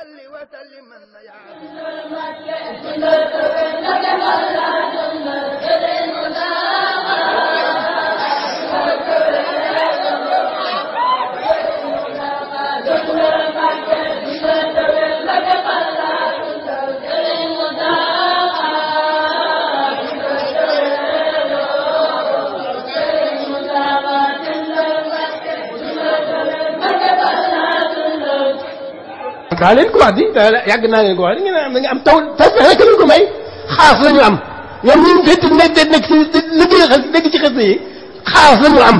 صل وسلم يا daa leen ko wax di daa yàgg naa leen ko wax di ngeen am da nga am taw taw fexe rek lañ ko may xaas la ñu am ñoom ñun fekk nekk nekk ci liggéey xas nekk ci xas yi xaas la ñu am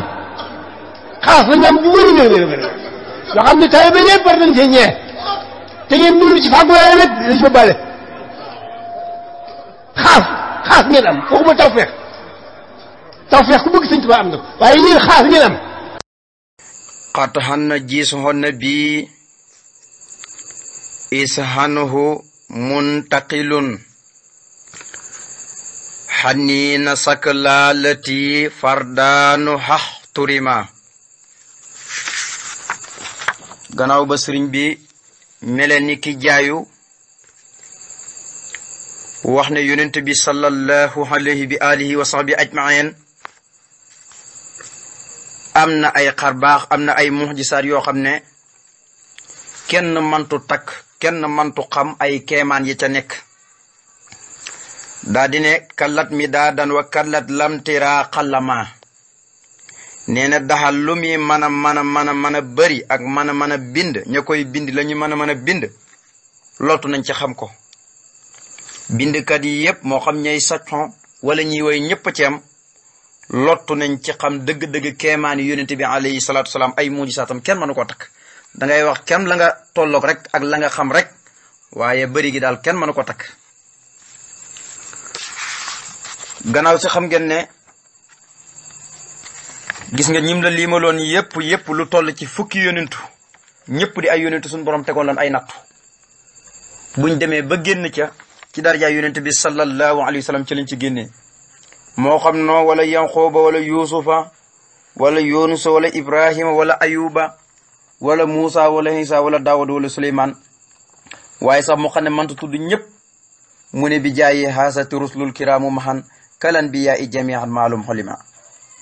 xaas la ñu am bu wér a wér a wér yoo xam ne taw bi yëpp war nañ cee ñee te ngeen dund ci fàggu waaye nag dañ ko bale xaas xaas ngeen am waxuma taw feex taw feex ku bëgg sëñ Tuubaa am na waaye yéen xaas ngeen am. xataxan na jiis xon na bii. ishanhu muntaqilun xaniina saklaalati fardaanu xax turima gannaaw ba sëriñ bi mele ni ki jaayu wax ne yonent bi sallallahu alayhi bi alihi wa sahbi ajmain am na ay xarbaax am na ay muxjisaat yoo xam ne kenn mantu takk kenn mantu xam ay keemaan yi ca nekk daa di ne kallat mi daa wa kalat lamtiraa xallama nee na daxal lu muy mën a mën a mën a mën ak mën a bind ña koy bind la ñu mën a mën a bind lotu nañ ci xam ko bindkat yi yépp moo xam ñay sacon wala ñiy woy ñëpp ci am lottu nañ ci xam dëgg-dëgg keemaan yi yonente bi alayhi salaatu wasalaam ay mujisaatam kenn mënu koo takk da ngay wax kem la nga tolloog rek ak la nga xam rek waaye bëri daal kenn mënu ko takk gannaaw si xam ngeen ne gis nga ñim la liimaloon yépp yépp lu toll ci fukki yonentu ñëpp di ay yonentu suñu borom tegoon lan ay nattu buñ demee ba génn ca ci darja yonent bi sallallahu alayhi wa sallam ci lañ ci génnee moo xam noo wala yanxooba wala yuusufa wala yunusa wala ibrahima wala ayuba wala Muusa wala Isa wala Daawud wala Suleymaan waaye sax mu ne mënta tudd ñëpp mu ne bi jaayi haasati rusulul kiraamu maxan kalan bi yaa i jamian maalum xolima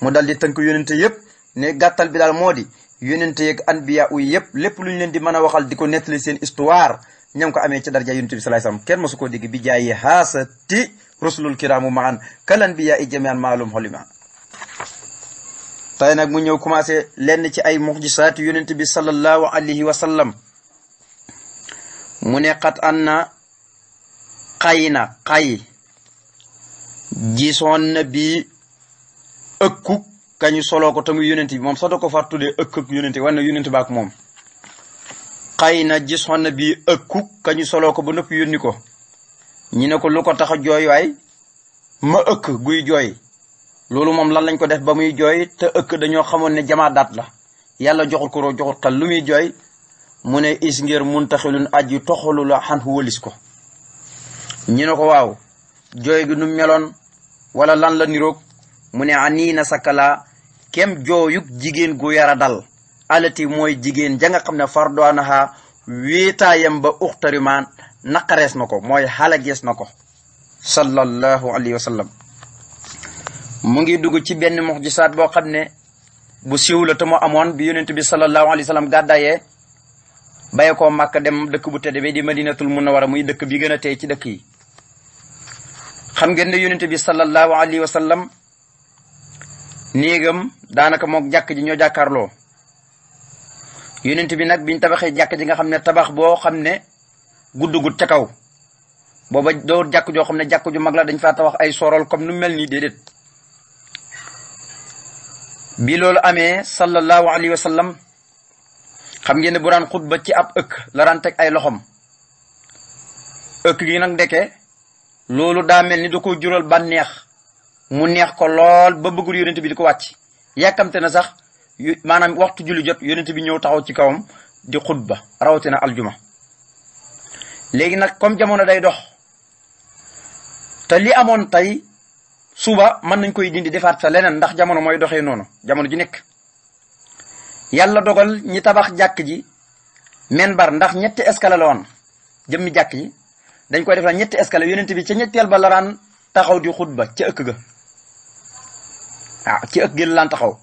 mu dal di tënk yonente yëpp ne gàttal bi daal moo di yonente yeeg anbiya uy yëpp lépp lu ñu leen di mën a waxal di ko nettali seen histoire ñam ko amee ci darja yonente bi salaay salaam kenn mosu koo dégg bi jaayi haasati rusulul kiraamu maxan kalan bi yaa i maalum xolima tey nag mu ñëw commencé lenn ci ay muxjisaati yonent bi sallallahu alayhi wa sallam mu ne xat an na xay na xay gisoon na bii ëkkuk kañu soloo ko tamu yonent bi moom sax ko far tuddee ëkkuk yonent war na yonent baak moom xay na gisoon bi bii ëkkuk kañu soloo ko ba noppi yónni ko ñi ne ko lu ko tax a jooy ma ëkk guy joy loolu moom lan lañ ko def ba muy jooy te ëkk dañoo xamoon ne jamaa la yàlla joxul ko joxul xel lu muy jooy mu ne is ngir muntaxilun aji toxalu la xan ko ñu ne ko waaw jooy gi nu meloon wala lan la niroog mu ne anii na sakala kem jooyug jigéen gu yara dal alati mooy jigéen ja nga xam ne fardoanaha wéetaayam ba uxtarimaan naqarees na ko mooy xalagees na ko sallallahu alayhi wa sallam mu ngi dugg ci benn muxjisaat boo xam ne bu siiw la te mu amoon bi yonent bi sallallahu alayhi wa sallam gàddaayee baye koo màkk dem dëkk bu tedd bi di madinatul wara muy dëkk bi gën a tey ci dëkk yi xam ngeen ne yonent bi sallallahu alayhi wa sallam néegam daanaka mook jàkk ji ñoo jàkkaarloo yonent bi nag biñ tabaxee jàkk ji nga xam ne tabax boo xam ne guddugut ca kaw booba doo jàkk joo xam ne jàkk ju mag la dañ faa tabax ay sorol comme nu mel nii déedéet bi loolu amee sallallahu alayhi wa sallam xam ngeen ne bu daan xutba ci ab ëkk laraan teg ay loxoom ëkk gi nag ndeke loolu daa mel ni da ko jural bànneex mu neex ko lool ba bëggul yonent bi di ko wàcc yàkkamte na sax maanaam waxtu julli jot yonent bi ñëw taxaw ci kawam di xutba rawatina aljuma léegi nag comme jamono day dox te li amoon tey suba mën nañ koy dindi defaat fa leneen ndax jamono mooy doxee noonu jamono ji nekk yàlla dogal ñi tabax jàkk ji bar ndax ñetti escalier la woon jëmmi jàkk ji dañ koy def la ñetti escalier yonent bi ca ñetteel ba la daan taxaw di xutba ca ëkk ga waaw ci ëkk gi la daan taxaw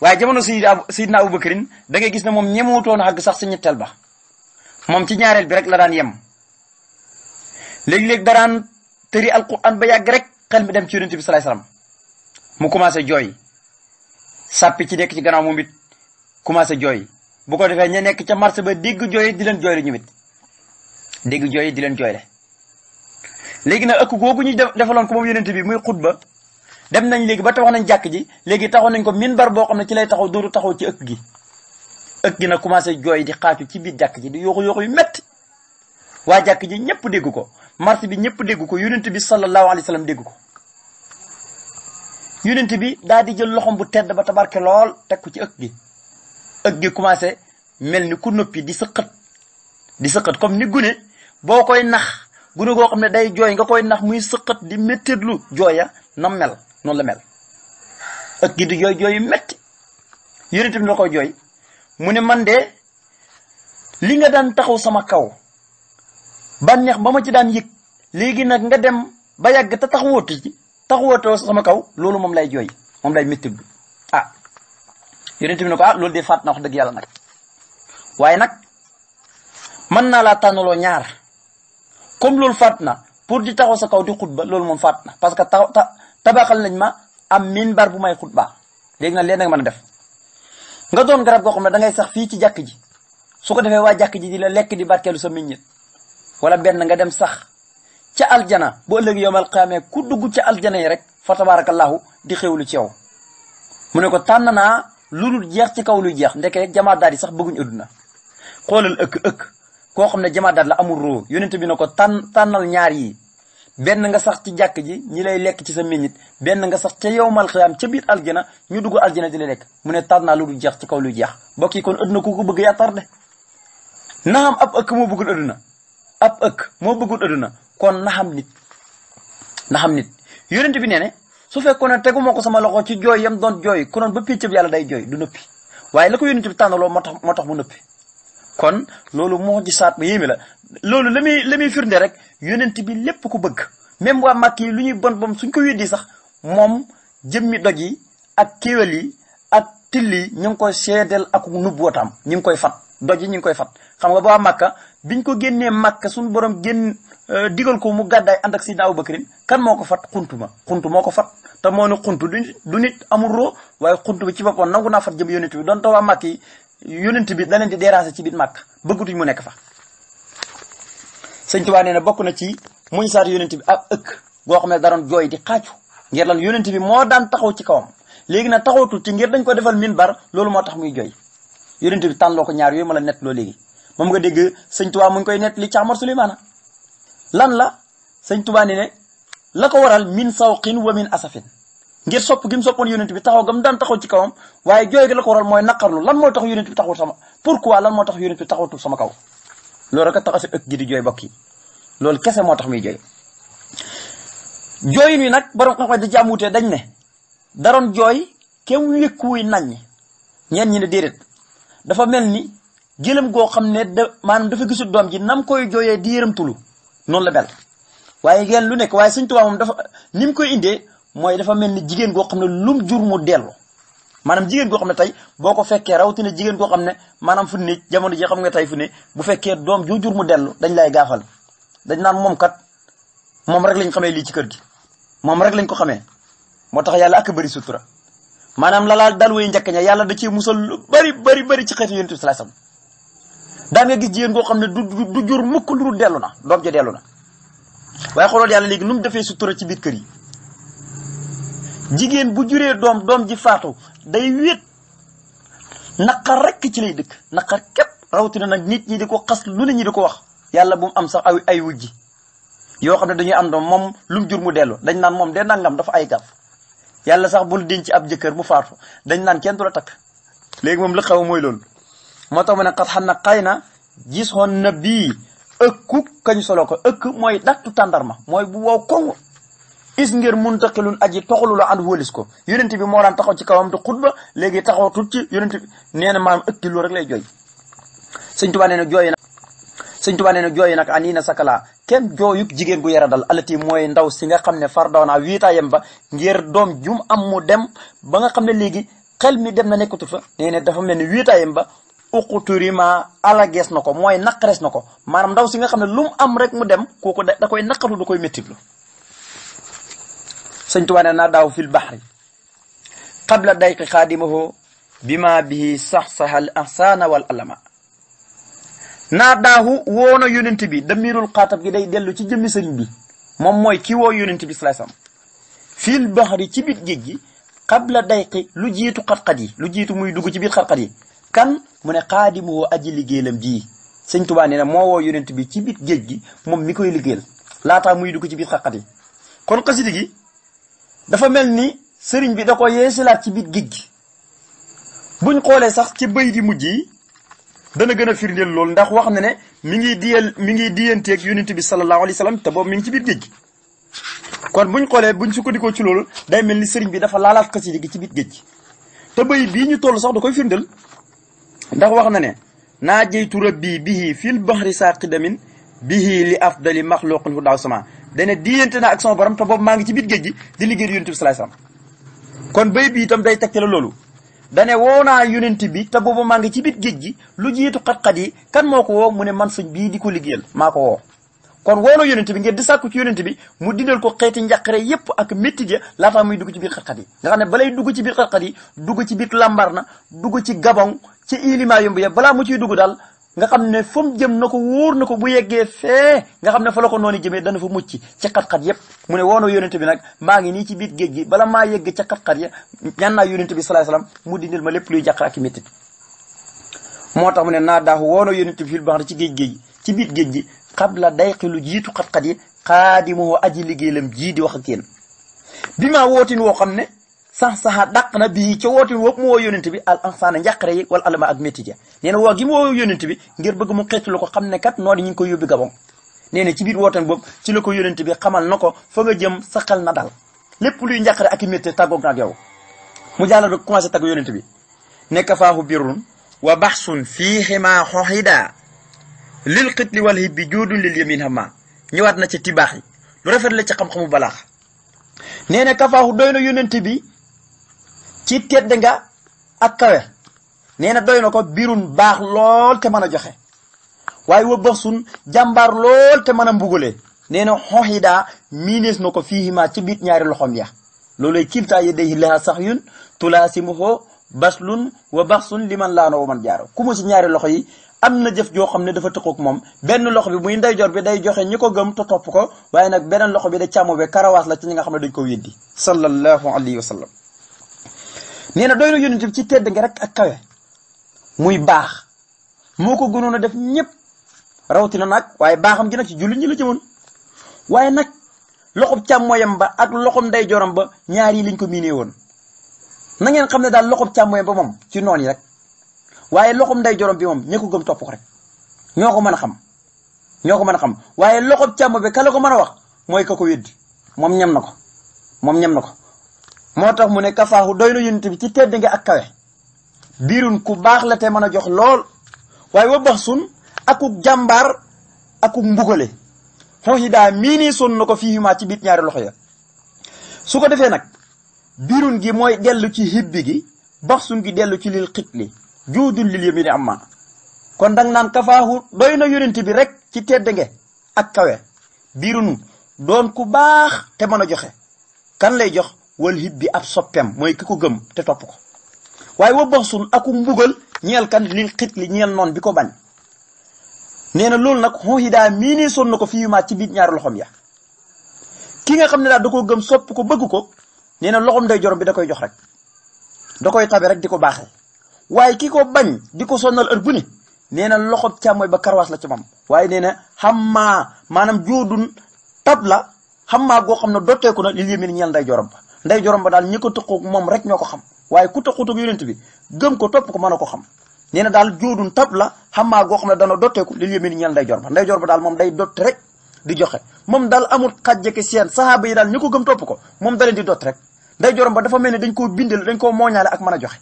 waaye jamono Seydina Seydina Abubakarin da ngay gis ne moom ñemewutoon àgg sax sa ñetteel ba moom ci ñaareel bi rekk la daan yem léegi léeg daraan tëri alquran ba yàgg rek xel mi dem ci yonent bi salaay salaam mu commencé jooy sàppi ci nekk ci gannaaw moom it commencé jooy bu ko defee ña nekk ca marché ba dégg jooy di leen jooyle ñu it dégg jooy di leen jooyle léegi nag ëkk googu ñu defaloon ko moom yonent bi muy xutba dem nañ léegi ba taxaw nañ jàkk ji léegi taxaw nañ ko bar boo xam ne ci lay taxaw dootu taxaw ci ëkk gi ëkk gi na commencé jooy di xaaju ci biir jàkk ji di yooxu yooxu yu metti waa jàkk ji ñëpp dégg ko marché bi ñëpp dégg ko yonent bi sallallahu alayhi wa sallam dégg ko yonent bi daal di jël loxoom bu tedd ba tabarke lool teg ko ci ëkk gi ëkk gi commencé mel ni ku noppi di sëqat di sëqat comme ni gune boo koy nax gune goo xam ne day jooy nga koy nax muy sëqat di méttitlu jooya nam mel noonu la mel ëkk gi di jooy jooy yu métti yonent bi la koy jooy mu ne man de li nga daan taxaw sama kaw banneex ba ma ci daan yëg léegi nag nga dem ba yàgg te taxawootu ci taxawootoo sama kaw loolu moom lay jooy moom lay métti a ah yonent bi ne ko ah loolu de faat na wax dëgg yàlla nag waaye nag mën naa laa tànnaloo ñaar comme loolu faat na pour di taxaw sa kaw di xutba loolu moom faat na parce que taxaw tabaxal nañ ma am minbar bu may xutba léegi nag leen nag mën a def nga doon garab goo xam ne da ngay sax fii ci jàkk ji su ko defee waa jàkk ji di la lekk di barkeelu sa miññet wala benn nga dem sax ca aljana bu ëllëg yowmal qiyaama ku dugg ca aljana yi rek fa tabaarakallaahu di xewlu ci yow mu ne ko tànn naa lu dul jeex ci kaw luy jeex ndeke jamaa daal yi sax bëgguñ ëkk ëkk koo xam ne jamaa daal la amul roo yonent bi ne ko tànn tànnal ñaar yi benn nga sax ci jàkk ji ñi lay lekk ci sa meññit benn nga sax ca yowmal qiyaam ca biir aljana ñu dugg aljana di lay lekk mu ne tànn naa lu jeex ci kaw luy jeex bokk yi kon adduna ku ko bëgg yaa tarde naam ab ëkk moo bëggul adduna ab ëkk moo bëggul adduna kon na xam nit na xam nit yonent bi nee ne su fekkoon ne tegu ma ko sama loxo ci jooy yam doon jooy konoon ba piccëb yàlla day jooy du nëppi waaye la ko yonent bi tànnaloo moo tax moo tax mu nëppi kon loolu moo ji saat bu yéeme la loolu la muy la muy firnde rek yonent bi lépp ko bëgg même waa màkk yi lu ñuy bon bom suñ ko di sax moom jëmmi doj yi ak kéwél yi ak till yi ñu ngi koy seedeel ak nubbootaam ñu ngi koy fat doj yi ñu ngi koy fat xam nga ba waa màkka biñ ko génnee Makka suñu borom génn euh, digal ko mu gàddaay ànd ak Sidna Abubakrin kan moo ko fat xuntuma xuntu moo ko fat te moo ne xunt du du nit amul roo waaye xunt bi ci boppam nangu naa fat jëm yonent bi doon te waa Makka bi da leen di déranger ci biir Makka bëggatuñ mu nekk fa. Sëñ waan nee ne bokk na ci muñ saat yonent bi ak ëkk goo xam ne daroon jooy di xaaju ngir lan yonent bi moo daan taxaw ci kawam léegi nag taxawatul ci ngir dañ ko defal bar loolu moo tax muy jooy yonent bi tànn loo ko ñaar yooyu ma la nett loo léegi moom nga dégg sëñ Tuubaa mu ngi koy nettali ca Amar Suleymaana lan la sëñ Tuubaa ni ne la ko waral min sawqin wa min asafin ngir sopp gi mu soppoon yonent bi taxaw gam daan taxaw ci kawam waaye jooy gi la ko waral mooy naqarlu lan mooy tax yonent bi taxawul sama pourquoi lan moo tax yonent bi taxawtul sama kaw loolu rek a tax si ëkk gi di jooy bokk loolu kese moo tax muy jooy jooyin wi nag borom xam-xam da jàmm wutee dañ ne daroon jooy kenn wékkuwuy naññ ñeen ñi ne déedéet dafa mel ni gëlëm goo xam ne da maanaam dafa gisul doom ji nam koy jooyee di yërëmtulu noonu la mel waaye geen lu nekk waaye Sëñ Tuubaa moom dafa ni mu koy indee mooy dafa mel ni jigéen goo xam ne lum jur mu dellu maanaam jigéen goo xam ne tey boo ko fekkee rawatina jigéen goo xam ne maanaam fu ne jamono jee xam nga tey fu ne bu fekkee doom ju jur mu dellu dañ lay gaafal dañ naan moom kat moom rek lañ xamee lii ci kër gi moom rek lañ ko xamee moo tax yàlla ak bëri sutura maanaam lalaal dal woy njëkk ña yàlla da cee musal bari bari bari ci xeetu yonent bi sallallahu daan nga gis jigéen koo xam ne du du jur mukk lu dul dellu na doom ja dellu na waaye xoolal yàlla léegi nu mu defee sutura ci biir kër yi jigéen bu juree doom doom ji faatu day wéet naqar rekk ci lay dëkk naqar képp rawatina nag nit ñi di ko xas lu ne ñi di ko wax yàlla bu mu am sax ay ay wujji yoo xam ne dañuy am doom moom lu mu jur mu dellu dañ naan moom de nangam dafa ay gàff yàlla sax bul denc ab jëkkër mu faatu dañ naan kenn du la takk léegi moom la xaw mooy loolu moo tax mu ne xat xam na xay na gisoon na bii ëkku kañ solo ko ëkk mooy dattu tàndarma mooy bu wow ko is ngir mun taqilun aji toxalu la ànd wëlis ko yonent bi moo daan taxaw ci kawam te xutba léegi taxaw tut ci yonent bi nee na maam ëkki loolu rek lay jooy sëñ tubaa nee na jooy nag sëñ tubaa na jooy nag anii na sakala kenn jooyuk jigéen gu yara dal alati mooy ndaw si nga xam ne far daw naa wiitaayam ba ngir doom jum am mu dem ba nga xam ne léegi xel mi dem na nekkatul fa nee ne dafa mel ni wiitaayam ba uqturima alagees na ko mooy naqarees na ko maanaam ndaw si nga xam ne lu am rek mu dem kooku da koy naqaru da koy méttitlu sëñ Tuubaa nee naa daaw fil baxri qabla dayqi xaadimahu bima bihi saxsaxal ahsaana wal alama naa daahu woona yonent bi damirul xaatab gi day dellu ci jëmmi sëñ bi moom mooy ki woo yonent bi salaay sam fil baxri ci biir gi qabla dayqi lu jiitu xat-xat yi lu jiitu muy dugg ci biir xat-xat yi kan mu ne xaadimu woo aji liggéeyam ji sëñ Tuubaa nee na moo woo yonent bi ci biir géej gi moom mi koy liggéeyal laataa muy dugg ci biir xaqat yi kon xasida gi dafa mel ni sëriñ bi da ko ci biir géej gi buñ xoolee sax ci bëy di mujj yi dana gën a firndeel loolu ndax wax na ne mi ngi diyal mi ngi diyanteeg yonent bi sallallahu alayhi wa sallam te boobu mi ngi ci biir géej gi buñ xoolee buñ ci loolu day mel ni sëriñ bi dafa laalaat xasida gi ci biir géej gi te bëy bii ñu toll sax da koy firndeel ndax wax na ne naa jeytu rabbi bihi fil bahri saqidamin bihi li afdali maxluqin hu daaw sama dane diyante na ak sama borom ta boobu maa ngi ci biir géej gi di liggéey yonent bi sallallahu alayhi kon béy bi tam day tegtale loolu dane woo naa yonent bi te boobu maa ngi ci biir géej gi lu jiitu xat-xat yi kan moo ko woo mu ne man suñ bii di ko liggéeyal maa ko woo kon woo na yonent bi ngir di sàkku ci yonent bi mu dindal ko xeeti njàqare yépp ak métti ja laataa muy dugg ci biir xat-xat yi nga xam ne balay dugg ci biir xat-xat dugg ci biir làmbar na dugg ci gabon ci ilimaayum ya balaa mu ciy dugg daal nga xam ne fa mu jëm na ko wóor na ko bu yeggee fee nga xam ne fa la ko noonu jëmee dana fa mucc ci xat-xat yépp mu ne woonoo yonente bi nag maa ngi nii ci biir géej gi bala maa yegg ca xat-xat ya ñaan naa yonente bi salaay salaam mu dindil ma lépp luy jàqar ak métti moo tax mu ne naa daaxu woonoo yonente bi fil baax ci géej géej ci biir géej gi day dayqi lu jiitu xat-xat yi xaadimoo aji liggéeyam jii di wax ak yéen bi xam ne sax saxa dàq na bii ca woote woowu mu woo yónent bi al ansaana njàqare yi wala ak métti ja nee na woo gi mu woo yónent bi ngir bëgg mu xeetu la ko xam ne kat noonu ñu ngi ko yóbbu Gabon nee na ci biir wootam boobu ci la ko yónent bi xamal na ko fa nga jëm sa xel na dal lépp luy njàqare ak métti tàggoog na ak yow mu jàll rek commencé tàgg yónent bi nekk faahu birrun wa baxsun fiihima xoxida lil xitli wal hibbi joodun lil yamin hama ñëwaat na ca tibaax yi lu la ci xam-xamu balaax nee na kafaahu bi ci tedd nga ak na doy na ko birun baax lool te mën a joxe waaye wa bëx sun jàmbaar lool te mën a mbugale nee na xoxidaa miinees na ko fiihimaa ci biit ñaari loxom ya looluy kiltaa yedday hillaha sax yun tulaasimuhoo baslun wa baxsun liman laano wa man jaaro ku mu ci ñaari loxo yi am na jëf joo xam ne dafa tëqoog moom benn loxo bi muy ndeyjoor bi day joxe ñi ko gëm te topp ko waaye nag beneen loxo bi da càmmo be karawaas la ci ñi nga xam ne dañ ko weddi sallallahu alayhi wa nee na doy na yonent bi ci tedd nga rek ak kawe muy baax moo ko gënoon a def ñëpp rawatina nag waaye baaxam gi nag ci jullit ñi la jëmoon waaye nag loxob càmmooyam ba ak loxob nday joram ba ñaar yi ko miinee woon na ngeen xam ne daal loxob càmmooyam ba moom ci noon yi rek waaye loxob nday joram bi moom ña ko gëm topp ko rek ñoo ko mën a xam ñoo ko mën a xam waaye loxob càmm bi kala ko mën a wax mooy ka ko weddi moom ñam na ko moom ñam na ko moo tax mu ne kafaahu doy na yonent bi ci tedd nga ak kawe biirun ku baax la te mën a jox lool waaye wa bax sun akuk jàmbaar akuk mbugale xonxi daa mii nii son na ko fiihumaa ci biit ñaari loxo ya su ko defee nag biirun gi mooy dellu ci hibbi gi bax gi dellu ci lil xit li juudul lil yamini amma kon dang naan kafaahu doy na yonent bi rek ci tedd nga ak kawe biirun doon ku baax te mën a joxe kan lay jox wal hib bi ab soppeem mooy ki ko gëm te topp ko waaye wa baxsun aku mbugal ñeel kan lil xit li ñeel noon bi ko bañ nee na loolu nag xonxidaa mii nii sonn ko fii maa ci biir ñaari loxom ya ki nga xam ne daal da koo gëm sopp ko bëgg ko nee na loxom day jorom bi da koy jox rek da koy tabe rek di ko baaxee waaye ki ko bañ di ko sonnal ër bu ni nee na loxob càmmooy ba karwaas la ci moom waaye nee na xammaa maanaam joodun tab la xammaa goo xam ne dooteeku na li yémin ñeel nday jorom ndey jorom ba daal ñi ko tëqoog moom rek ñoo ko xam waaye ku tëqutoog yonent bi gëm ko topp ko man a ko xam nee na daal joodun tab la xamaa goo xam ne dana dotteeku lil yëmin ñeel ndey jor ba ndey jor ba daal moom rek di joxe moom daal amul xajjake seen saxaaba yi daal ñi ko gëm topp ko moom daleen di dott rek ndey jorom ba dafa mel ni dañ koo bindal dañ koo mooñaale ak man a joxe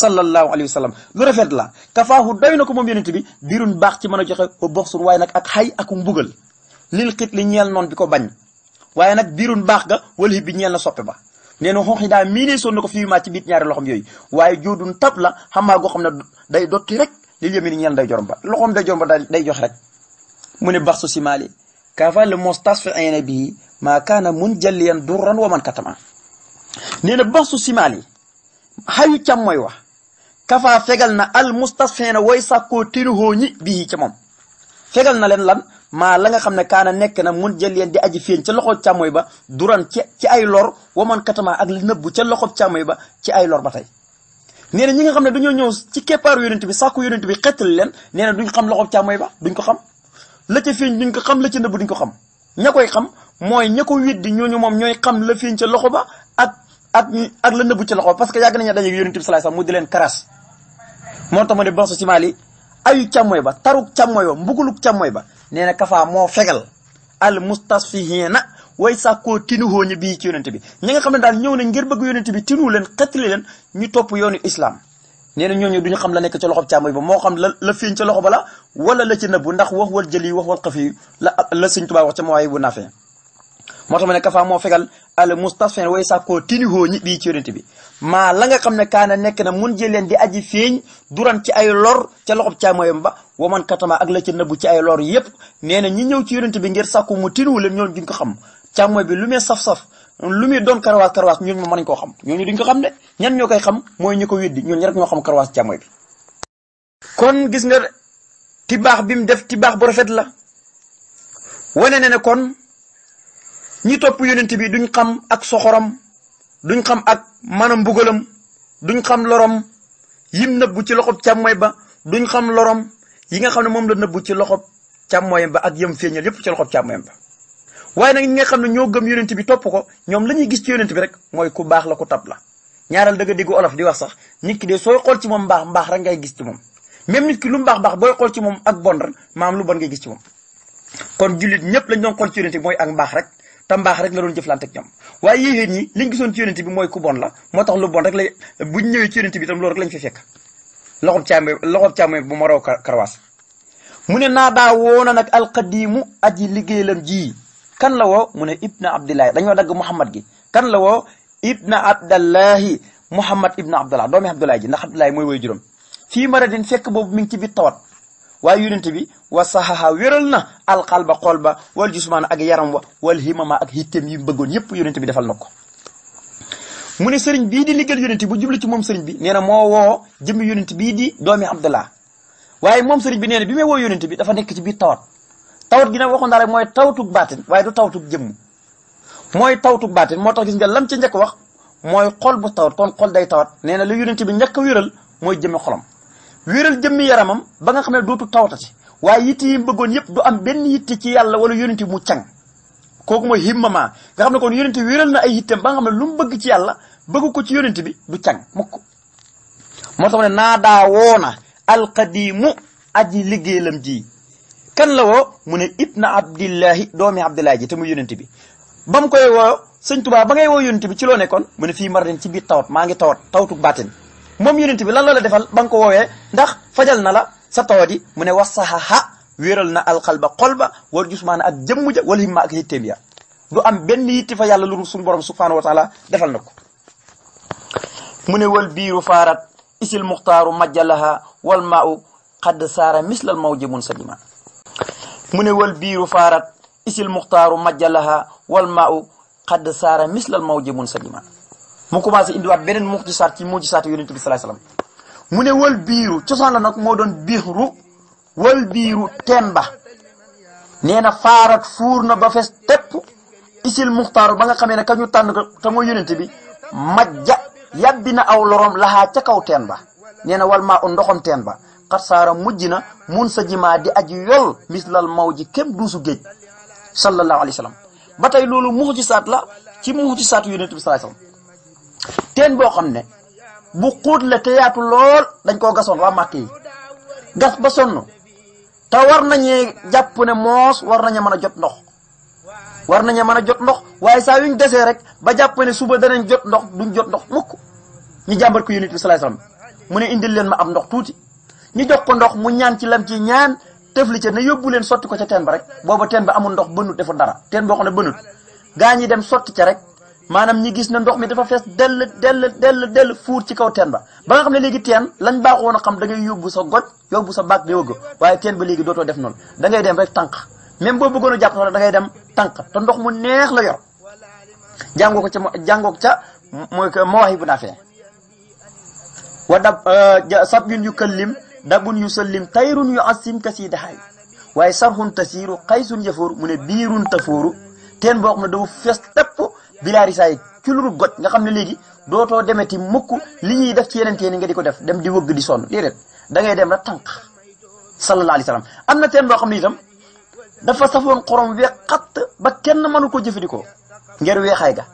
sallallahu alayhi wa sallam lu rafet la kafaahu doy na ko moom yonent bi biirun baax ci mën a joxe ba box sun waaye nag ak xay ak mbugal lil xit li ñeel noon bi ko bañ waaye nag biirun baax ga wala bi ñeel na soppe ba nee na xoox yi daa miinee sonn ko fii maa ci biit ñaari loxom yooyu waaye joodun tab la xamaa xam ne day dotti rek li yëmi ni ñeel day jorom ba loxom day jorom ba day joxe rek mu ne bax su si maali kaafa le mostas fi ayna bii kaana mun jalliyan durran wa man katama nee na bax su si maali xayu cam mooy wax kafaa fegal na al mustasfina way sàkkoo tiruhoo ñi bii ca moom fegal na leen lan maa la nga xam ne kaana nekk na mun jël yeen di aji feeñ ca loxo càmmoy ba duran ci ci ay lor waman katamaa ak li nëbbu ca loxo càmmoy ba ci ay lor ba tey nee na ñi nga xam ne dañoo ñëw ci keppaaru yonent bi sàkku yonent bi xettali leen nee na xam loxo càmmoy ba duñ ko xam la ca ko xam la ca nëbbu duñ ko xam ña koy xam mooy ña ko weddi ñooñu moom ñooy xam la feeñ ca loxo ba ak ak ak la nëbbu loxo parce que yàgg nañu daje yonent bi sallallahu alayhi wasallam mu di leen karas moo tax ma ne bonso ci maali ayu càmmoy ba taru càmmoy ba mbuguluk càmmoy ba nee na kafaa moo fegal al mustasfihiina way sàkkoo tinuhoo ñu bii ci yonente bi ñi nga xam ne daal ñëw na ngir bëgg yonente bi tinuhu leen xettali leen ñu topp yoonu islaam nee na du duñu xam la nekk ca loxob càmmoñ ba moo xam la la fiiñ ca loxo ba la wala la ci nëbbu ndax wax wal jëli wax wal xafi la la Sëñ Tuubaa wax ca mawaay bu naafee moo tax ma ne kafaa moo fegal al mustafin way sàkkoo tinihoo ñi bii ci yonent bi maa la xam ne kaana nekk na mun jëleen di aji feeñ duran ci ay lor ca loxob càmmoyam ba waman katama ak la ca nëbbu ci ay lor yépp nee ñi ñëw ci yonent bi ngir sàkku mu tiniwu leen ñoom duñ ko xam càmmooy bi lu muy saf-saf lu doon karawaas karawaas ñooñu ma mën nañ koo xam ñooñu duñ ko xam de ñan ñoo koy xam mooy ñu ko weddi ñooñu rek ñoo xam karawaas càmmooy bi kon gis nga tibaax bi mu def tibaax bu rafet la wane ñi topp yonent bi duñ xam ak soxoram duñ xam ak manam mbugalam duñ xam lorom yim nëbbu ci loxob càmmooy ba duñ xam lorom yi nga xam ne moom la nëbbu ci loxob càmmooy ba ak yëm feeñal yëpp ci loxob càmmooyam ba waaye nag ñi nga xam ne ñoo gëm yonent bi topp ko ñoom la ñuy gis ci yonent bi rek mooy ku baax la ku tab la ñaaral dëgg déggu olof di wax sax nikki ki de sooy xool ci moom mbaax mbaax rek ngay gis ci moom même nit ki lu mu baax booy xool ci moom ak bon rek maam lu bon ngay gis ci moom kon jullit ñëpp lañ doon xool mooy ak mbaax rek te mbaax rek la doon jëflante ak ñoom waaye yéeféer ñi liñ gisoon ci yonent bi mooy ku bon la moo tax lu bon rek lay buñ ñëwee ci yonent bi itam loolu rek lañ fi fekk loxob càmmoñ loxob bu ma raw mu ne naa daa woona nag alqadimu aji liggéeyalam ji kan la woo mu ne ibna abdillahi dañoo dagg muhammad gi kan la woo ibna abdallahi muhammad ibna abdullah doomi abdullahi ji ndax abdullahi mooy woy juróom fii maradin fekk boobu mi ngi ci biir tawat waaye yonent bi wa saxaha wéral na alqalba xol ba wal jusmaan ak yaram wa wal himama ak hitteem yi bëggoon yépp yonent bi defal na ko mu ne sëriñ bii di liggal yonent bu jublu ci moom sëriñ bi nee na moo woo jëmmi yonent bii di doomi Abdallah waaye moom sëriñ bi nee na bi may woo yonent bi dafa nekk ci biir tawat tawat gi nag waxoon daal rek mooy tawtug baatin waaye du tawtug jëmm mooy tawtug baatin moo tax gis nga lam ci njëkk wax mooy xool bu tawat kon xol day tawat nee na lu yonent bi njëkk wéral mooy jëmmi xolam wéral jëmmi yaramam ba nga xam ne dootu tawatati waaye yitte yi mu bëggoon yëpp du am benn yitte ci yàlla wala yonente mu càng kooku mooy himmama nga xam ne kon yonente wéral na ay yitteem banga nga xam ne lu mu bëgg ci yàlla bëgg ko ci yonente bi du càng mukk moo tax ne naa daa woona alqadimu aji liggéeylam ji kan la woo mu ne ibna abdillahi doomi abdillahi ji te mu yonente bi ba mu koy woo sëñ Tuubaa ba ngay woo yonente bi ci loo nekkoon mu ne fii mar den ci biir tawat maa ngi tawat tawatu baatin moom yonent bi lan loola defal ba nga ko woowee ndax fajal na la sa tawadi mu ne wasahaha wéeral na alxalba xol ba wal jusmaana ak jëmm ja wala himma ak yitteem ya du am benn yitti fa yàlla lu suñu borom subhanahu defal na ko mu ne wal biiru faarat isil muxtaaru majjalaha wal maau xadd saara mislal mawji mun ne wal biiru faarat isil muxtaaru majjalaha wal maau xadd saara mislal mawji mun salima mu commencé indiwaat beneen muxjisaat ci muxjisaat yonent bi salaay salaam mu ne wal biiru cosaan la nag moo doon biiru wal biiru temba nee na faarat fuur na ba fees tepp isil muxtaaru ba nga xamee ne ka ñu tànn ko te mooy yonent bi majja yàbbi na aw lorom laxaa ca kaw teen ba nee na wal maa u ndoxam teen ba xat saara mujj na mun sa jimaa di aji yol mislal maw ji képp duusu géej sallallahu alayhi wa sallam tey loolu muxjisaat la ci muxjisaatu yonent bi salaay salaam teen boo xam ne bu xuut la te yaatu lool dañ koo gasoon waa màkk yi gas ba sonn ta war nañee jàpp ne moos war nañu mën a jot ndox war nañu mën a jot ndox waaye saa yuñ desee rek ba jàpp ne suba danañ jot ndox duñ jot ndox mukk ñu jàmbat ko yonent bi salaay salaam mu ne indil leen ma am ndox tuuti ñu jox ko ndox mu ñaan ci lam ci ñaan tëfli ca ne yóbbu leen sotti ko ca teen ba rek booba teen ba amul ndox bënut defu dara teen boo xam ne bënut gaa ñi dem sotti ca rek maanaam ñi gis ne ndox mi dafa fees dell dell dell dell fuur ci kaw teen ba ba nga xam ne léegi teen lañ baaxoo woon xam da ngay yóbbu sa goj yóbbu sa baag nga wëgg waaye teen ba léegi dootoo def noon dangay dem rek tànk même boo bëggoon a jàpp sax da dem tànk te ndox mu neex la yor jàngoo ko ca jàngoo ko ca mooy mawaahibu naafi wa dab euh, sabyun yu kallim dabun yu yu asim kasi daxaay waaye sarxun tasiiru xaysun jafoor mu ne biirun tafooru teen boo xam ne dafa fees tepp bilaarisaay ci lu goj nga xam ne léegi doo dootoo demeti mukk li ñuy def ci yeneen teeni nga di ko def dem di wëgg di soon déedéet da ngay dem rek tànk sallallahu alayhi wa sallam am na teen boo xam ne itam dafa safoon xorom weex xat ba kenn mënu ko jëfandikoo ngir weexaay ga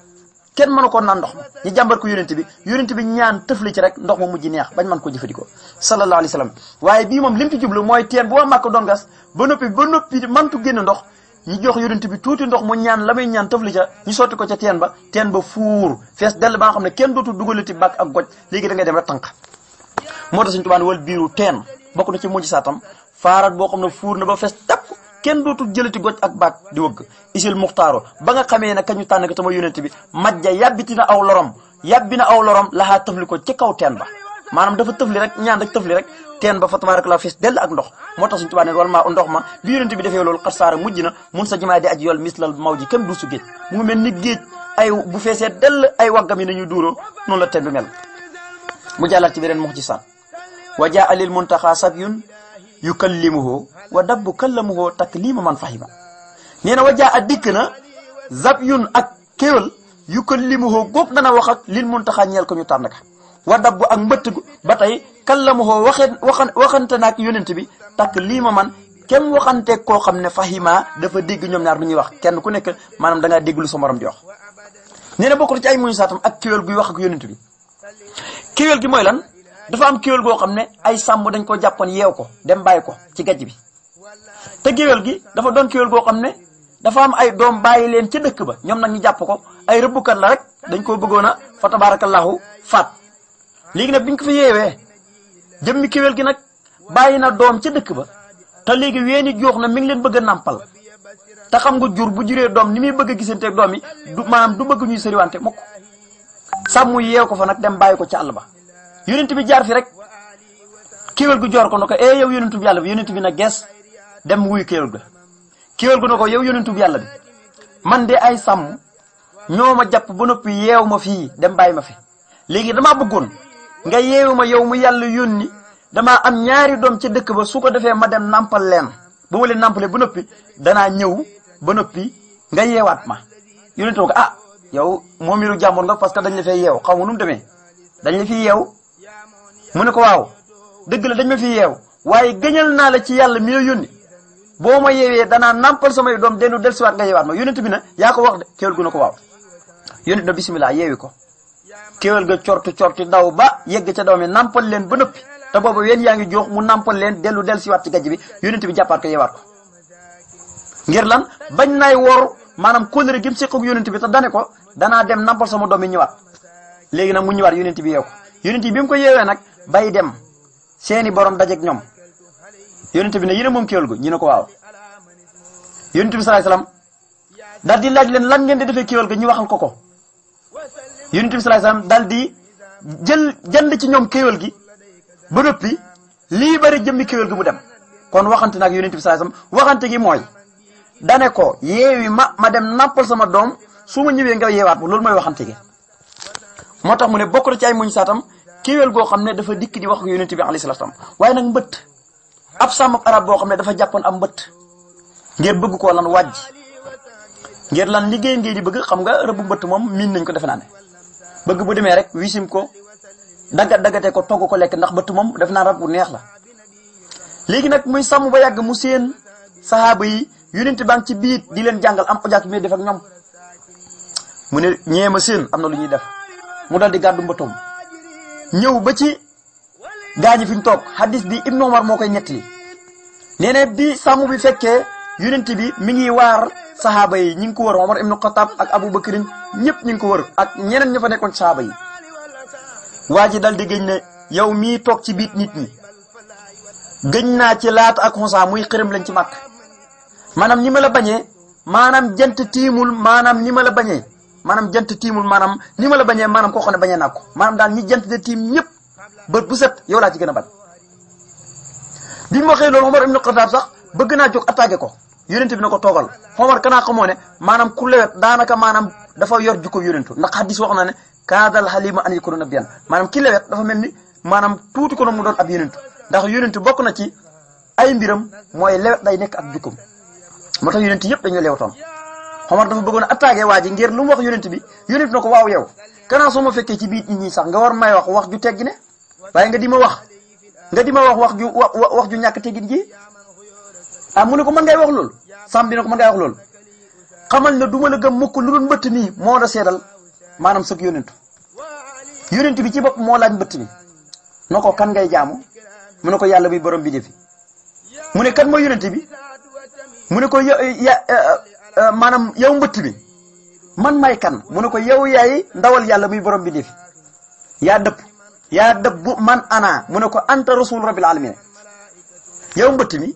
kenn mënu ko naan ndox ma ñu jàmbar ko yonent bi yonent bi ñaan tëfli ci rek ndox ma mujj neex bañ man ko jëfandikoo sallallahu alayhi wa sallam waaye bii moom lim ci jublu mooy teen boo makk doon gas ba noppi ba noppi mëntu génn ndox ñu jox yonent bi tuuti ndox mu ñaan la muy ñaan tëfli ca ñu sotti ko ca teen ba teen ba fuur fees dell ba nga xam ne kenn dootul ti bàkk ak goj léegi da ngay dem rek tànk moo tax suñu tubaan wal biiru teen bokk na ci mujj saatam faaraat boo xam ne fuur na ba fees tàpp kenn dootul ti goj ak baag di wëgg isil muxtaaro ba nga xamee ne kañu tànn ko tama yonent bi majja yàbbiti na aw lorom yàbbi na aw lorom laxaa tëfli ko ci kaw teen ba maanaam dafa tëfli rek ñaan rek tëfli rek teen ba a tabarakallah fees dell ak ndox moo tax suñu tubaab ne wala maa ndox ma bi yonent bi defee loolu xat saara mujj na mun sa jimaa di aj yool mislal maw ji kenn duusu géej mu ngi mel ni géej ay bu feesee dell ay waggam yi nañu duuroo noonu la teen bi mel mu jàllaat ci beneen muxjisaan wa jaa alil muntaxa sabyun yukallimuhu wa dabbu kallamuhu taklima man fahima nee na a dana wax ak lil muntaxa ñeel ko ñu tànn ka wa dabbu ak mbëtt ba tey kallamuhoo waxee waxan waxante naak yonent bi takk lii ma man kenn waxante koo xam ne fahima dafa dégg ñoom ñaar lu ñuy wax kenn ku nekk maanaam da ngaa dégg lu sa morom bokkul ci ay muñsaatam ak kiwéel guy wax ak yonent bi kiwéel gi mooy lan dafa am kiwéel goo xam ne ay sàmm dañ ko jàppoon yeew ko dem bàyyi ko ci gajj bi te kiwéel gi dafa doon kiwéel goo xam ne dafa am ay doom bàyyi leen ca dëkk ba ñoom nag ñi jàpp ko ay rëbbukat la rek dañ koo bëggoon a fa tabaarakallaahu faat léegi nag bi ñu ko fi yeewee jëmmi kéwél gi nag bàyyi na doom ca dëkk ba te léegi weeni joox na mi ngi leen bëgg a nàmpal te xam jur bu juree doom ni muy bëgg a gisanteeg doom yi du maanaam du bëgg ñuy sëriwante mukk sàmm yeew ko fa nag dem bàyyi ko ci àll ba yonent bi jaar fi rek kéwél gu joor ko na ko eh yow bi yàlla bi yonent bi nag gees dem wuyu kéwél ga kéwél gu na ko yow yonentu bi yàlla bi man de ay sàmm ñoo ma jàpp ba noppi yeew ma fii dem bàyyi ma fi léegi damaa bëggoon nga yeewu ma yow mu yàlla yónni damaa am ñaari doom ci dëkk ba su ko defee ma dem nampal leen bu ma leen ba noppi danaa ñëw ba noppi nga yeewaat ma yónni ko ah yow moom yi lu jàmboon parce que dañ la fay xaw ma nu demee dañ la fi yeew mu ne ko waaw dëgg la dañ ma fi yeew waaye gëñal naa la ci yàlla mi la yónni boo ma yeewee danaa nampal samay doom dellu dellusiwaat nga yeewaat ma yónent bi na yaa ko wax de teewul gu na ko waaw yónent na bisimilah yeewi ko. kéwel ga cortu cortu daw ba yegg ca daw mi nampal leen ba nëppi te boobu ween yaa ngi joox mu nampal leen dellu del si waat ci gajj bi yonent bi jàppaat ko yewaat ko ngir lan bañ nay wor maanaam kóllëre gi mu seqoog bi te dane ko danaa dem nampal sama doom yi ñëwaat léegi nag mu ñëwaat yonent bi yeew ko yonent bi mu ko yeewee nag bay dem seeni borom dajeeg ñoom yonent bi ne yéen a moom kéwél gu ñu ne ko waaw yonent bi salaay salaam da di laaj leen lan ngeen di defee kéwél ga ñu waxal ko ko yonent bi salaay salaam daal di jël jënd ci ñoom kéwél gi ba noppi lii bari jëmmi kéwél gi mu dem kon waxante nag yonent bi salaay salaam gi mooy dane ko yeewi ma ma dem nàmpal sama doom su ma ñëwee nga yeewaat bu loolu mooy waxante gi tax mu ne bokk na ci ay muñ saatam kéwél goo xam ne dafa dikk di wax ak yonent bi alayhi salaam waaye nag mbëtt ab sàmm arab boo xam ne dafa jàppoon am mbëtt ngir bëgg koo lan wàjj ngir lan liggéey ngeen di bëgg xam nga rëbb mbëtt moom miin nañ ko defe naa ne bëgg bu demee rek wisim ko daggat daggate ko togg ko lekk ndax bëtt moom def naa rab bu neex la léegi nag muy sàmm ba yàgg mu seen saxaaba yi yonent baa ngi ci biir di leen jàngal am ojaat mi def ak ñoom mu ne ñeema seen am na lu ñuy def mu dal di gàddu mbëttoom ñëw ba ci gaañi fi ñu toog hadis bi Ibn Omar moo koy nettali nee bi sàmm bi fekkee yonent bi mi ngi waar saxaaba yi ñi ngi ko wër Omar ibnu Xataab ak Aboubacrine ñëpp ñi ngi ko wër ak ñeneen ña fa nekkoon saxaaba yi waa ji dal di gëñ ne yow mii toog ci biit nit ñi gëñ naa ci laat ak xusa muy xërëm lañ ci màkk maanaam ni ma la bañee maanaam jant tiimul maanaam ni ma la bañee maanaam jant tiimul maanaam ni ma la maanaam koo xam ne bañee ko maanaam daal ñi jant de tiim ñëpp bët bu set yow laa ci gën a bañ bi mu waxee loolu Omar ibnu Xataab sax bëgg naa jóg attaqué ko yonent bi na ko toogal xomar kanaa xamoo ne maanaam ku lewet daanaka maanaam dafa yor jikko yonentu ndax xadis wax na ne kaadal xalima an yakuna nabiyyan maanaam ki lewet dafa mel ni maanaam tuuti ko na mu doon ab yonentu ndax yonentu bokk na ci ay mbiram mooy lewet day nekk ak jikkoom moo tax yonent yëpp dañoo lewatoon xomar dafa bëggoon a attaqué waa ji ngir lu mu wax yonent bi yonent na ko waaw yow kanaa soo ma fekkee ci biir nit ñi sax nga war may wax wax ju teggi ne waaye nga di ma wax nga di ma wax wax ju wax ju ñàkk teggin ji ah mu ne ko man ngay wax loolu sàmm bi ne ko mën ngay wax lool xamal ne du ma la gëm mukk lu dul bëtt mii moo la seedal maanaam sëg yónentu yónentu bi ci bopp moo laaj mbëtt mi na ko kan ngay jaamu mu ne ko yàlla bi borom bi defi ne kan mooy yónent bi mu ne ko yow mbëtt bi man may kan mu ne ko yow yaay ndawal yàlla muy borom bi defi yaa dëpp yaa dëpp man ana mu ne ko anta rasul rabbil alamin yow mbëtt mi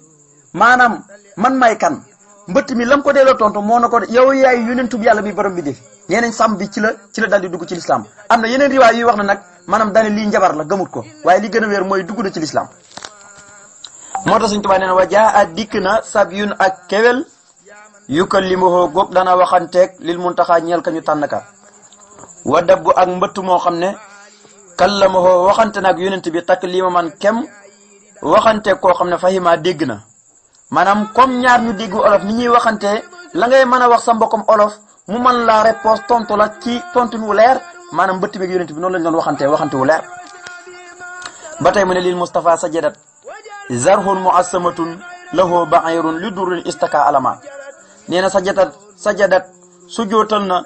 maanaam man may kan mbëtt mi lam ko delloo tontu moo na ko yow yaay yonentub yàlla bi borom bi def nee sàmm bi ci la ci la daal di dugg ci lislaam am na yeneen riwaay yuy wax ne nag maanaam daane lii njabar la gëmut ko waaye li gën a wéer mooy dugg na ci lislaam moo tax suñ tubaab nee na wa jaa a dikk na sabyun ak kewel yu kallimuhu goog dana waxanteeg lil muntaxaa ñeel ka ñu tànn ka wa dabbu ak mbëtt moo xam ne kallamuhu waxante na ak yonent bi takk lii ma man kem waxanteeg koo xam ne fahimaa dégg na maanaam comme ñaar ñu dégg olof ni ñuy waxante la ngay mën a wax sa mbokkam olof mu mën laa réponse tontu la ci tontu wu leer maanaam bëtt beeg yonent bi noonu lañ doon waxante waxante wu leer ba tey mu ne lil Moustapha sajadat zarhun muassamatun lahu ba'irun li durrin istaka alama nee na sajadat sajadat sujootal na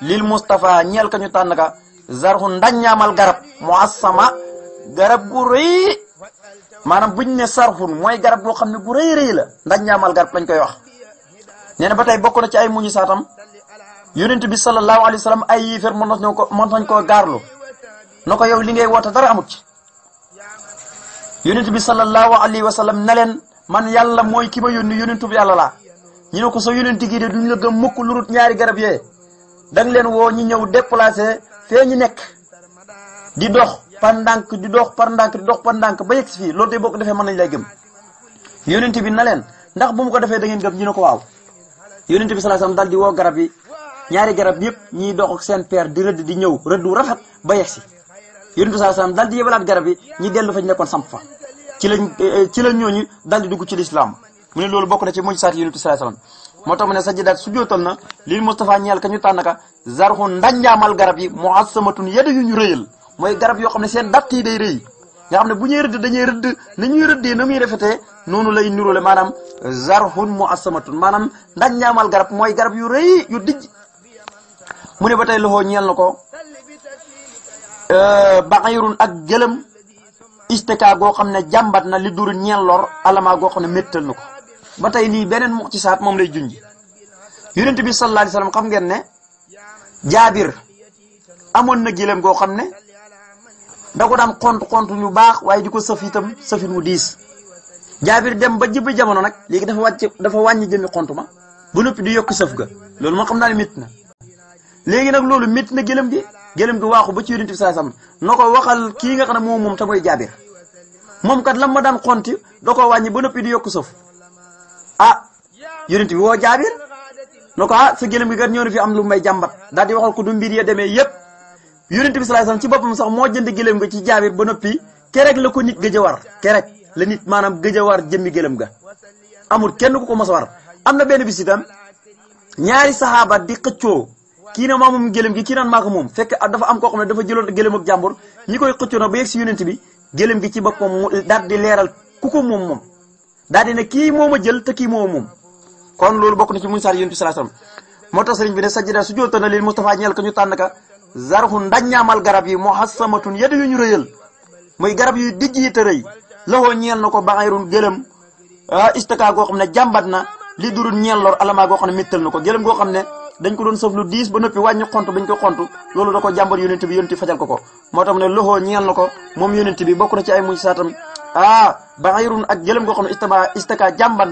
lil Moustapha ñeel ka ñu tànn ka zarhun ndaññaamal garab muassama garab gu rëy maanaam ñu ne sarxun mooy garab goo xam ne gu rëy rëy la ndax ñaamal garab lañ koy wax nee na ba tey bokk na ci ay muñu saatam yonent bi sallallahu alayhi wa sallam ay yiifér mën nañ ko mën nañ koo gaarlu na ko yow li ngay woote dara amut ci yonent bi sallallahu alayhi wa sallam ne leen man yàlla mooy ki ma yónni yonentu bi yàlla laa ñu ne ko sa yonent gi de duñ la gëm mukk lurut ñaari garab yee dang leen woo ñi ñëw déplacé fee ñu nekk di dox par ndànk di dox par ndànk di dox par ndànk ba yegg si fii loolu tey boo ko defee mën nañ lay gëm yonent bi na leen ndax bu mu ko defee da ngeen gëm ñu ne ko waaw yonent bi sallallahu alayhi wasallam dal di woo garab yi ñaari garab yëpp ñiy dox ak seen peer di rëdd di ñëw rëdd wu rafet ba yegg si yonent bi sallallahu alayhi wasallam dal di yebalaat garab yi ñi dellu fa ñu nekkoon samp fa ci lañ eh, ci lañ ñooñu dal di dugg ci lislaam mu ne loolu bokk na ci mujjisaat yonent bi sallallahu alayhi wasallam moo tax mu ne sajjadaat su jootal na lil Mustafa ñeel ka ñu tànn ka zarxun ndañjaamal garab yi muassamatun yada yu ñu rëyal mooy garab yoo xam ne seen datt yi day rëy nga xam ne bu ñuy rëdd dañuy rëdd ni ñuy rëddee na muy rafetee noonu lay nirole maanaam zarhun mu asamatun maanaam ndax ñaamal garab mooy garab yu rëy yu dijj mu ne loxo tey loxoo ñeel na ko euh, baxirun ak gëlëm isteka goo xam ne jàmbat na li duri ñeel lor alama goo xam ne méttal na ko ba tey lii beneen mu moom lay junj yonent bi sallallahu alayhi wasallam xam ngeen ne jaabir amoon na gëlëm goo xam ne da ko daan xont xont ñu baax waaye di ko sëf itam sëfin wu diis jaabir dem ba jibbi jamono nag léegi dafa wàcc dafa wàññi jëmi xont ma ba noppi di yokk sëf ga loolu moo xam naa ne métti na léegi nag loolu métti na gëlëm gi gëlëm gi waaxu ba ci yonent saa sam na ko waxal kii nga xam ne moom moom te mooy jaabir moom kat lam ma daan xonti da ko wàññi ba noppi di yokk sëf ah yonent bi woo jaabir na ko ah sa gëlëm gi kat ñëw na fi am lu may jàmbat daal di waxal ko du mbir ya demee yépp yonent bi sallallahu alayhi wasallam ci boppam sax moo jënd gëlëm nga ci jaabir ba noppi kerek la ko nit gëj a war kerek la nit maanaam gëj a war jëmmi gëlëm ga amul kenn ku ko mos a war am na benn bis itam ñaari saxaaba di xëccoo kii na maa moom gëlëm gi kii naan maa ko moom fekk dafa am koo xam ne dafa jëloon gëlëm ak jàmbur ñi koy xëccoo na ba yegg si yonent bi gëlëm gi ci boppam mu daal di leeral ku ko moom moom daal di ne kii moo ma jël te kii moo moom kon loolu bokk na ci muñ saar yonent bi sallallahu alayhi wasallam moo tax sëriñ bi ne sajjada su joota na lil Mustafa zarxun ndaññaamal garab yi muhassamatun yeddi yu ñu rëyal muy garab yu dijj yi te rëy loxoo ñeel na ko baxayrun gëlëm ah istaka goo xam ne jàmbat na li durul ñeel lor alama goo xam ne mittal na ko gëlëm goo xam ne dañ ko doon sëf lu diis da ko jàmbat yonent bi yonent fajal ko ko moo tax mu ne loxoo ñeel na ko moom yonent bi bokk na ci ay muy ah,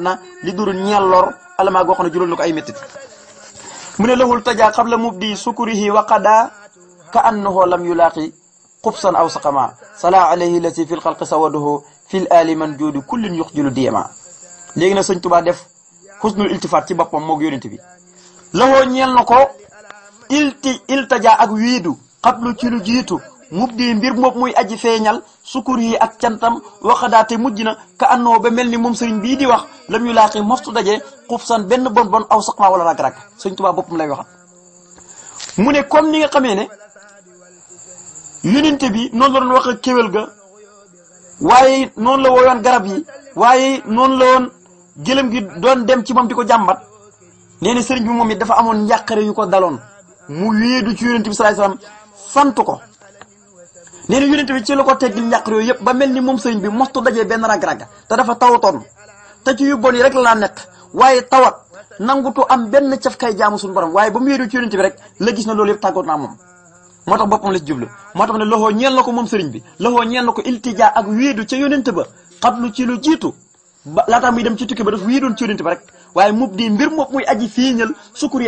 na li durul ñeel lor alama goo xam na ko ay méttit ka annahu lam yulaaqi xubsan aw saqama sala alayhi lati fi lxalqi sawaduhu fi l aali man joodi kullin yuxjilu diyama léegi nag sëñ Tuubaa def xusnul iltifaat ci boppam moog yonent bi laxoo ñeel na ko ilti iltaja ak wiidu xablu ci lu jiitu mubdi mbir moom muy aji feeñal sukkur yi ak cantam waxadaate mujj na ka annoo ba mel ni moom sëriñ bii di wax lam ñu laaqi moftu daje xubsan benn bon bon aw saqma wala rag-rag sëñ Tuubaa boppam lay waxat mu ne ne yonente bi noonu la doon wax ak kéwél ga waaye noonu la wooyoon garab yi waaye noonu la woon gëlëm gi doon dem ci moom di ko jàmbat nee na sëriñ bi moom it dafa amoon njàqare yu ko daloon mu wéedu ci yonente bi salaay salaam sant ko nee na yonente bi ci la ko teggil njàqare yooyu yëpp ba mel ni moom sëriñ bi mostu dajee benn rag-rag te dafa tawatoon te ci yu bon yi rek la nekk waaye tawat nangutu am benn caf kay jaamu suñu borom waaye ba mu wéedu ci yonente bi rek gis na loolu yëpp tàggoot moo tax boppam la ci jublu moo tax ne loxoo ñeel na ko moom sëriñ bi loxoo ñeel na ko iltijaa ak wéedu ca yonent ba xablu ci lu jiitu ba laataa muy ci tukki ba daf wéedoon ci yonent ba waaye mub di mbir moom muy aji fiiñal sukkur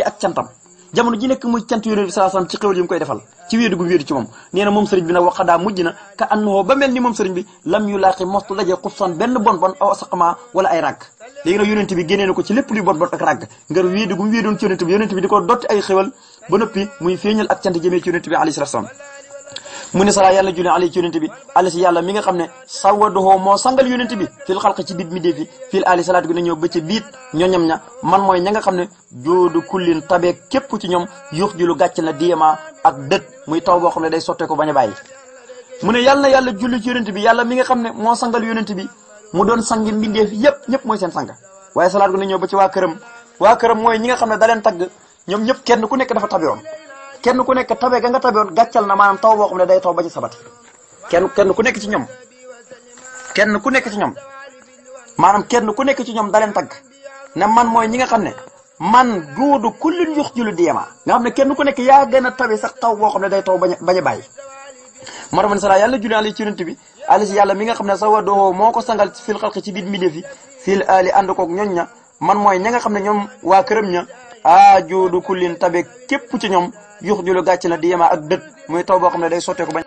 ji nekk muy cant yonent bi salaa salaam ci xéwal yi mu koy defal ci wéedu gu ci moom nee na moom sëriñ na ka annoo ba mel ni moom sëriñ bi lam yu laaqi mostu daje xutsan benn bon bon ko ci lépp luy bon bon ak ràgg ngir wéedu ko dotti ay xéwal ba noppi muy feeñal ak cant jëmee ci yonent bi alayhi salaam mu ne mi nga xam ne sawadohoo moo sangal yonent bi fil xalq ci bit mi dee fi fil ali salaatu gi na ñëw ba biit mooy ña nga xam ne joodu kullin tabee képp ci ñoom yuux ji lu gàcc na diyema ak dët muy taw boo xam ne day sottee ko bañ a mu ne yàlla na ci yonent bi yàlla mi nga xam ne moo sangal yonent bi mu doon sangi mbindeef yëpp ñëpp mooy seen sanga waaye salaat gi na ñëw ba waa këram mooy ñi xam ne da tagg ñoom ñëpp kenn ku nekk dafa tabewoon kenn ku nekk tabe ga nga tabewoon gàccal na maanaam taw boo xam ne day taw ba ci sabati kenn kenn ku nekk ci ñoom kenn ku nekk ci ñoom maanaam kenn ku nekk ci ñoom da leen na man mooy ñi nga xam ne man góodu kullin yux julu diyema nga xam ne kenn ku nekk yaa gën a tabe sax taw boo xam ne day taw bañ bañ a bàyyi maraman sala yàlla julli ali ci yonent bi ali si yàlla mi nga xam ne sa wa doxoo moo ko sangal fil xalqi ci biir mbindeef yi fil ali ànd koog ñoñ ña man mooy ña nga xam ne ñoom waa këram ña aajoodu kullin tabe képp ci ñoom yux julu gàcc na di yema ak dët muy taw boo xam ne day sotteeku bañ